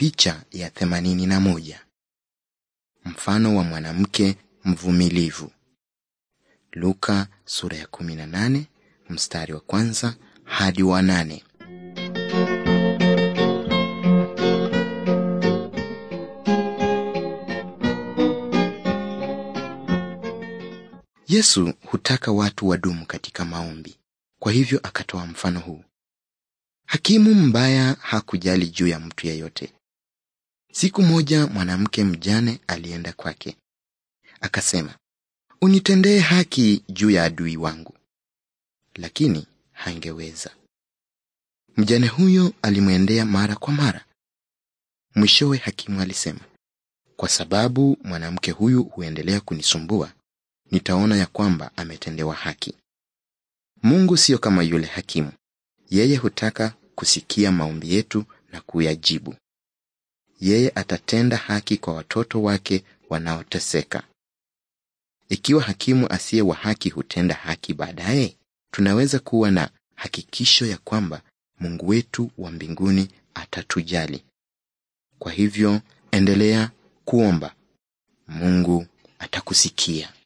Picha ya themanini na moja. Mfano wa mwanamke mvumilivu. Luka sura ya kumi na nane mstari wa kwanza hadi wa nane. Yesu hutaka watu wadumu katika maombi. Kwa hivyo akatoa mfano huu: hakimu mbaya hakujali juu ya mtu yeyote, Siku moja mwanamke mjane alienda kwake, akasema, unitendee haki juu ya adui wangu, lakini hangeweza. Mjane huyo alimwendea mara kwa mara. Mwishowe hakimu alisema, kwa sababu mwanamke huyu huendelea kunisumbua, nitaona ya kwamba ametendewa haki. Mungu siyo kama yule hakimu, yeye hutaka kusikia maombi yetu na kuyajibu yeye atatenda haki kwa watoto wake wanaoteseka. Ikiwa hakimu asiye wa haki hutenda haki baadaye, tunaweza kuwa na hakikisho ya kwamba Mungu wetu wa mbinguni atatujali. Kwa hivyo, endelea kuomba. Mungu atakusikia.